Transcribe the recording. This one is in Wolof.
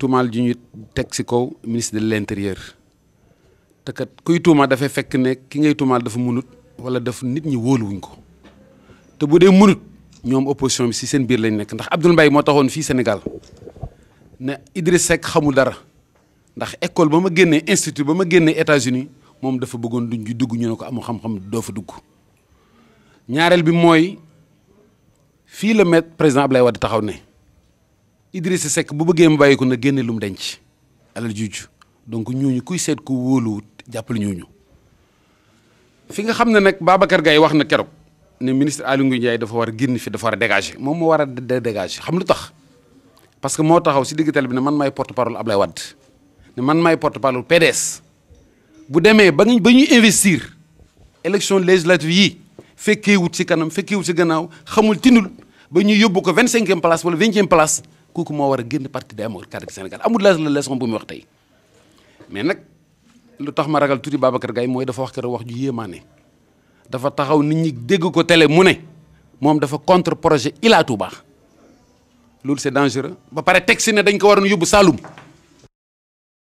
tuumaal ju ñu teg si kaw ministre de l'intérieur te kat kuy tuuma dafay fekk ne ki ngay tuumaal dafa munut wala daf nit ñi wóoluwuñ ko te bu dee munut ñoom opposition bi si seen biir lañ nekk ndax Abdoul mbay moo taxoon fii Sénégal ne Idriss Seck xamul dara ndax école ba ma génnee institut ba ma génnee États-Unis moom dafa bëggoon duñ ju dugg ñu ne ko amu xam-xam doo fa dugg ñaareel bi mooy fii la met président Ablaye Wade taxaw ne. Idrissa Seck bu bëggee mu bàyyi ko na génne lu mu denc alal juuju donc ñooñu kuy seet ku wóoluwut jàppale ñooñu fi nga xam ne nag Babacar Gaye wax na keroog ne ministre Aly Ngouille Ndiaye dafa war a génn fi dafa war a dégager moom moo war a dégager xam lu tax parce que moo taxaw si diggital bi ne man maay porte parole Ablaye Wade ne man maay porte parole PDS bu demee ba ba ñuy investir élection législative yi fekkee wut si kanam fekkee wut si gannaaw xamul tinul ba ñuy yóbbu ko vingt cinquième place wala vingtième place kooku moo war a génn parti day amul carte Sénégal amul la leçon bu mu wax tey mais nag lu tax ma ragal tuuti Babacar gay mooy dafa wax keroog wax ju yéemaane dafa taxaw nit ñi dégg ko tele mu ne moom dafa contre projet Ila baax loolu c'est dangereux ba pare teg si ne dañ ko war waroon yóbbu saalum